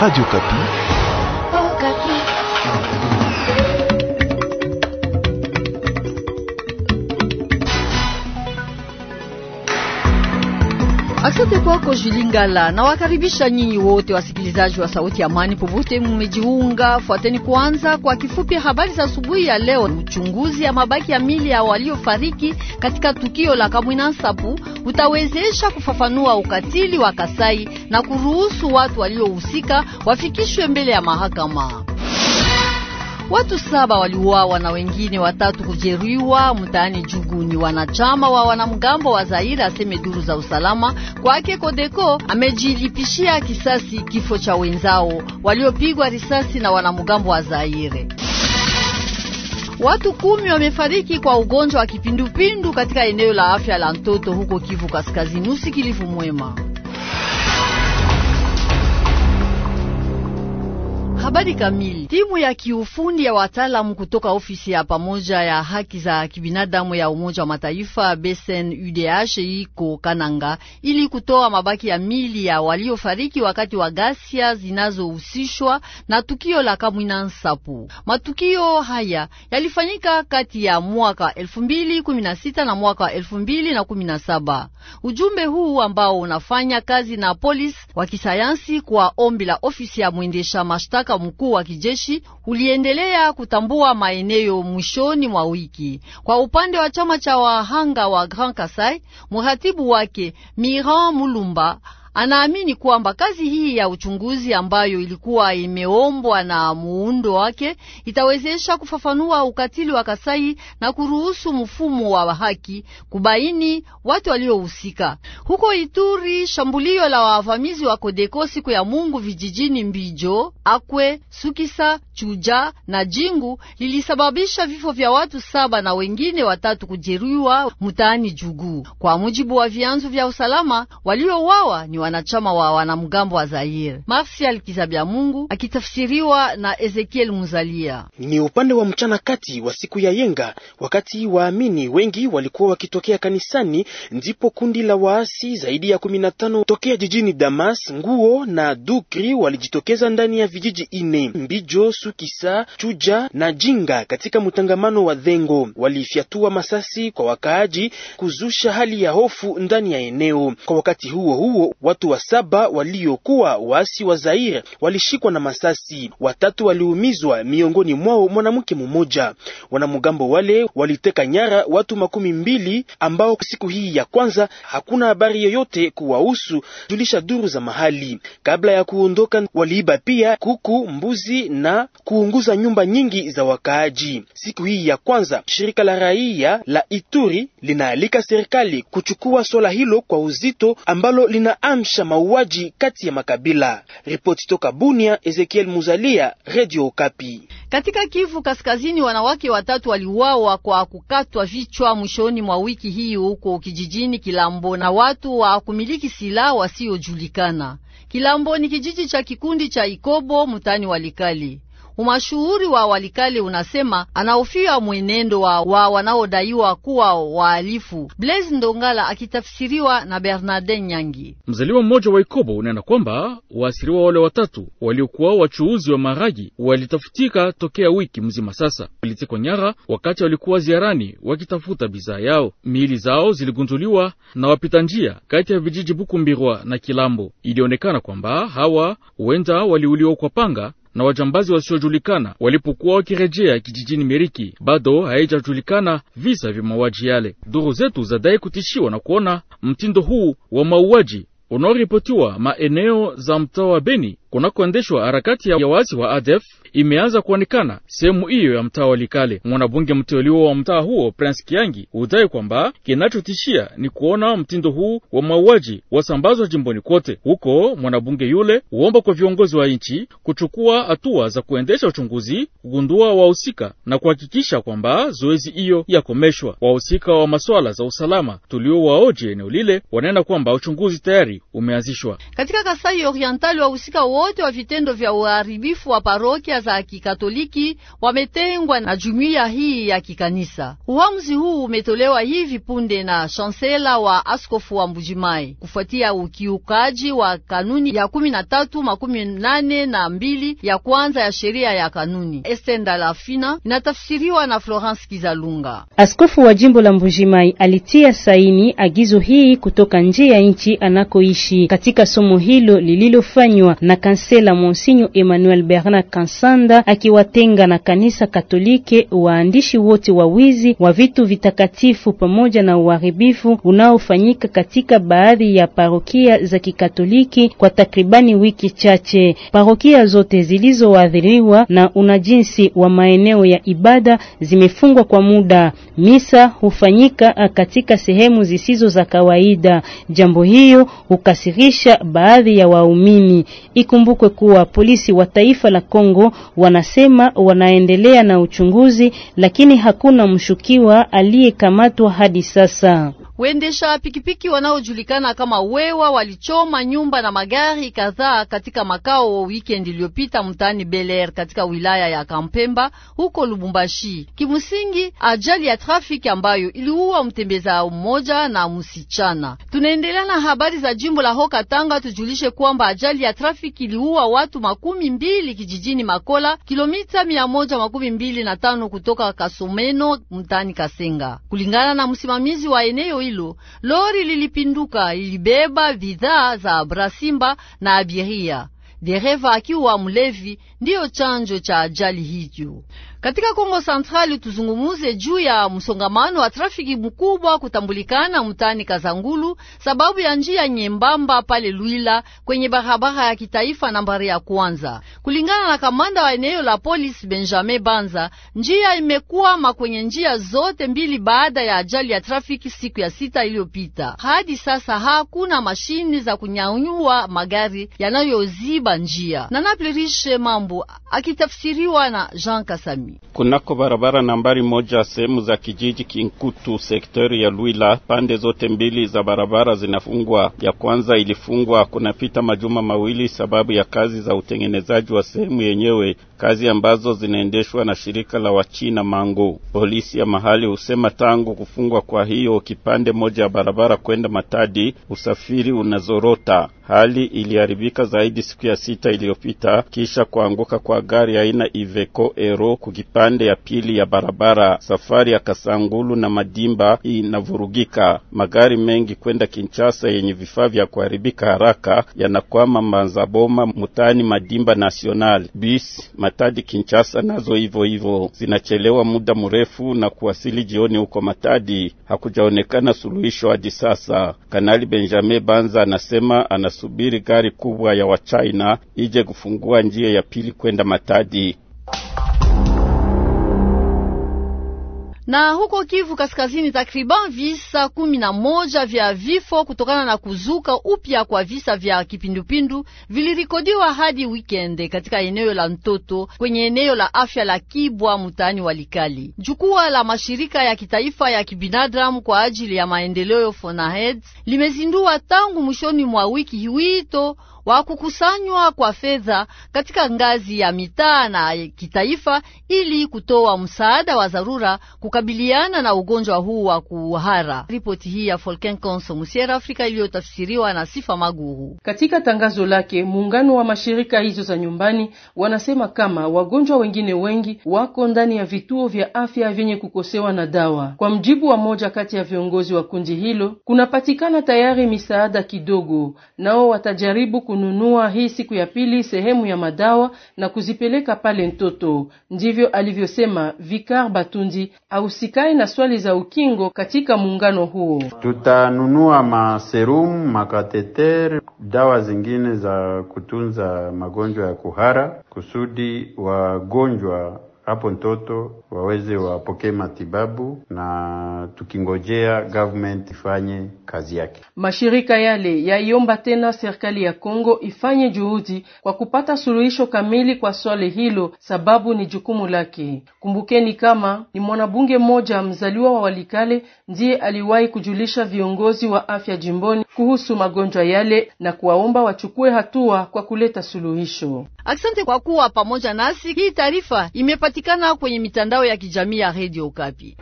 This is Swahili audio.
Radio Kapi. Oh, Asante kwako Julingala, nawakaribisha nyinyi wote wasikilizaji wa Sauti ya Amani popote mmejiunga. Fuateni kwanza kwa kifupi habari za asubuhi ya leo. Uchunguzi ya mabaki ya mili ya waliofariki katika tukio la Kamwina Nsapu utawezesha kufafanua ukatili wa Kasai na kuruhusu watu waliohusika wafikishwe mbele ya mahakama. Watu saba waliuawa na wengine watatu kujeruhiwa mtaani Juguni, wanachama wa wanamgambo wa Zaire, aseme duru za usalama. Kwake Kodeko amejilipishia kisasi kifo cha wenzao waliopigwa risasi na wanamgambo wa Zaire. Watu kumi wamefariki kwa ugonjwa wa kipindupindu katika eneo la afya la Ntoto huko Kivu Kaskazini. Usikilivu mwema. Habari kamili. Timu ya kiufundi ya wataalamu kutoka ofisi ya pamoja ya haki za kibinadamu ya Umoja wa Mataifa besen UDH iko Kananga ili kutoa mabaki ya mili ya waliofariki wakati wa ghasia zinazohusishwa na tukio la Kamwina Nsapu. Matukio haya yalifanyika kati ya mwaka 2016 na mwaka 2017. Ujumbe huu ambao unafanya kazi na polisi wa kisayansi kwa ombi la ofisi ya mwendesha mashtaka Mhusika mkuu wa kijeshi uliendelea kutambua maeneo mwishoni mwa wiki. Kwa upande wa chama cha wahanga wa Grand Kasai, mratibu wake Miran Mulumba Anaamini kwamba kazi hii ya uchunguzi ambayo ilikuwa imeombwa na muundo wake itawezesha kufafanua ukatili wa Kasai na kuruhusu mfumo wa haki kubaini watu waliohusika. Huko Ituri, shambulio la wavamizi wa Kodeko siku ya Mungu vijijini Mbijo, Akwe, Sukisa, Chuja na Jingu lilisababisha vifo vya watu saba na wengine watatu kujeruhiwa mtaani Jugu. Kwa mujibu wa vyanzo vya usalama, waliowawa ni wanachama wa wanamgambo wa Zaire. Marsial Mungu akitafsiriwa na Ezekiel Muzalia. Ni upande wa mchana kati wa siku ya yenga, wakati waamini wengi walikuwa wakitokea kanisani, ndipo kundi la waasi zaidi ya 15 tokea jijini Damas, Nguo na Dukri walijitokeza ndani ya vijiji ine Mbijo, Sukisa, Chuja na Jinga katika mtangamano wa Dhengo. Walifyatua masasi kwa wakaaji kuzusha hali ya hofu ndani ya eneo. Kwa wakati huo huo watu wa saba waliokuwa waasi wa Zaire walishikwa na masasi, watatu waliumizwa, miongoni mwao mwanamke mmoja. Wanamgambo wale waliteka nyara watu makumi mbili ambao siku hii ya kwanza hakuna habari yoyote kuwahusu, julisha duru za mahali. Kabla ya kuondoka, waliiba pia kuku, mbuzi na kuunguza nyumba nyingi za wakaaji. Siku hii ya kwanza shirika la raia la Ituri linaalika serikali kuchukua swala hilo kwa uzito ambalo lina kuamsha mauaji kati ya makabila. Ripoti toka Bunia, Ezekiel Muzalia, Radio Okapi. Katika Kivu Kaskazini, wanawake watatu waliuawa kwa kukatwa vichwa mwishoni mwa wiki hii huko kijijini Kilambo na watu wa kumiliki silaha wasiojulikana. Kilambo ni kijiji cha kikundi cha Ikobo mutani likali Umashuhuri wa Walikali unasema anahofia mwenendo wa, wa wanaodaiwa kuwa wahalifu. Blaise Ndongala akitafsiriwa na Bernarde Nyangi. Mzaliwa mmoja wa Ikobo unena kwamba waasiriwa wale watatu waliokuwa wachuuzi wa maragi walitafutika tokea wiki mzima sasa, walitekwa nyara wakati walikuwa ziarani wakitafuta bidhaa yao. Miili zao ziligunduliwa na wapita njia kati ya vijiji Bukumbirwa na Kilambo. Ilionekana kwamba hawa huenda waliuliwa kwa panga na wajambazi wasiojulikana walipokuwa wakirejea kijijini Meriki. Bado haijajulikana visa vya mauaji yale. Duru zetu zadai kutishiwa na kuona mtindo huu wa mauaji unaoripotiwa maeneo za mtaa wa Beni kunakoendeshwa harakati ya waasi wa ADF imeanza kuonekana sehemu hiyo ya mtaa wa Likale. Mwanabunge mteuliwa wa mtaa huo Prince Kiangi hudai kwamba kinachotishia ni kuona mtindo huu wa mauaji wasambazwa jimboni kote. Huko mwanabunge yule huomba kwa viongozi wa nchi kuchukua hatua za kuendesha uchunguzi, kugundua wahusika na kuhakikisha kwamba zoezi hiyo yakomeshwa. Wahusika wa masuala za usalama tuliowaoje eneo lile wanena kwamba uchunguzi tayari umeanzishwa katika Kasai Oriental. Wahusika wo wote wa vitendo vya uharibifu wa parokia za Kikatoliki wametengwa na jumuiya hii ya kikanisa. Uamuzi huu umetolewa hivi punde na chansela wa askofu wa Mbujimai kufuatia ukiukaji wa kanuni ya kumi na tatu makumi nane na mbili ya kwanza ya sheria ya kanuni. Estenda Lafina inatafsiriwa na Florence Kizalunga. Askofu wa jimbo la Mbujimai alitia saini agizo hii kutoka nje ya nchi anakoishi. Katika somo hilo lililofanywa na la Monsinyo Emmanuel Bernard Kansanda akiwatenga na kanisa Katolike waandishi wote wa wizi wa vitu vitakatifu pamoja na uharibifu unaofanyika katika baadhi ya parokia za Kikatoliki kwa takribani wiki chache. Parokia zote zilizoathiriwa na unajinsi wa maeneo ya ibada zimefungwa kwa muda. Misa hufanyika ah, katika sehemu zisizo za kawaida. Jambo hiyo hukasirisha baadhi ya waumini. Ikum Ikumbukwe kuwa polisi wa taifa la Kongo wanasema wanaendelea na uchunguzi, lakini hakuna mshukiwa aliyekamatwa hadi sasa. wendesha pikipiki wanaojulikana kama wewa walichoma nyumba na magari kadhaa katika makao weekend iliyopita mtaani Beler katika wilaya ya Kampemba huko Lubumbashi. Kimsingi, ajali ya trafiki ambayo iliua mtembeza mmoja na msichana. Tunaendelea na habari za jimbo la Hoka katanga tujulishe kwamba ajali ya trafiki kiliua watu makumi mbili kijijini Makola, kilomita mia moja makumi mbili na tano kutoka Kasomeno mtani Kasenga. Kulingana na msimamizi wa eneo hilo, lori lilipinduka, ilibeba bidhaa za Brasimba na abiria, dereva akiwa mlevi ndiyo chanjo cha ajali hiyo. Katika Kongo Centrali tuzungumuze juu ya msongamano wa trafiki mkubwa kutambulikana mtaani Kazangulu sababu ya njia nyembamba pale Luila kwenye barabara ya kitaifa nambari ya kwanza. Kulingana na kamanda wa eneo la polisi Benjamin Banza, njia imekwama kwenye njia zote mbili baada ya ajali ya trafiki siku ya sita iliyopita. Hadi sasa hakuna mashini za kunyanyua magari yanayoziba njia. Nanaplirishe mambo Bukavu, akitafsiriwa na Jean Kasami. Kunako barabara nambari moja sehemu za kijiji Kinkutu, sektori ya Lwila, pande zote mbili za barabara zinafungwa. Ya kwanza ilifungwa kunapita majuma mawili sababu ya kazi za utengenezaji wa sehemu yenyewe, kazi ambazo zinaendeshwa na shirika la Wachina Mango. Polisi ya mahali husema tangu kufungwa kwa hiyo kipande moja ya barabara kwenda Matadi, usafiri unazorota. Hali iliharibika zaidi siku ya sita iliyopita kisha kuanguka kwa gari aina Iveco Ero kukipande ya pili ya barabara. Safari ya Kasangulu na Madimba inavurugika. Magari mengi kwenda Kinshasa yenye vifaa vya kuharibika haraka yanakwama Manzaboma, Mutani, Madimba National. Bus Matadi Kinshasa nazo hivyo hivyo zinachelewa muda mrefu na kuwasili jioni huko Matadi. Hakujaonekana suluhisho hadi sasa. Kanali Benjamin Banza anasema ana wanasubiri gari kubwa ya Wachina ije kufungua njia ya pili kwenda Matadi. Na huko Kivu Kaskazini, takriban visa kumi na moja vya vifo kutokana na kuzuka upya kwa visa vya kipindupindu vilirikodiwa hadi wikende katika eneo la ntoto kwenye eneo la afya la Kibwa mtaani likali Jukwaa la mashirika ya kitaifa ya kibinadamu kwa ajili ya maendeleo FONAHED limezindua tangu mwishoni mwa wiki wito wa kukusanywa kwa fedha katika ngazi ya mitaa na kitaifa ili kutoa msaada wa dharura kukabiliana na ugonjwa huu wa kuhara. Ripoti hii ya Volcan Council Musiera Afrika iliyotafsiriwa na Sifa Maguhu. Katika tangazo lake, muungano wa mashirika hizo za nyumbani wanasema kama wagonjwa wengine wengi wako ndani ya vituo vya afya vyenye kukosewa na dawa. Kwa mjibu wa moja kati ya viongozi wa kundi hilo, kunapatikana tayari misaada kidogo, nao watajaribu kununua hii siku ya pili sehemu ya madawa na kuzipeleka pale Ntoto. Ndivyo alivyosema Vikar Batundi au hahusikani na swali za ukingo katika muungano huo. Tutanunua maserumu, makateter, dawa zingine za kutunza magonjwa ya kuhara kusudi wagonjwa hapo mtoto waweze wapokee matibabu na tukingojea government ifanye kazi yake. Mashirika yale yaiomba tena serikali ya Kongo ifanye juhudi kwa kupata suluhisho kamili kwa swali hilo, sababu ni jukumu lake. Kumbukeni kama ni mwanabunge mmoja mzaliwa wa Walikale ndiye aliwahi kujulisha viongozi wa afya jimboni kuhusu magonjwa yale na kuwaomba wachukue hatua kwa kuleta suluhisho. Asante kwa kuwa pamoja nasi. Hii taarifa imepatikana kwenye mitandao ya kijamii ya Radio Kapi.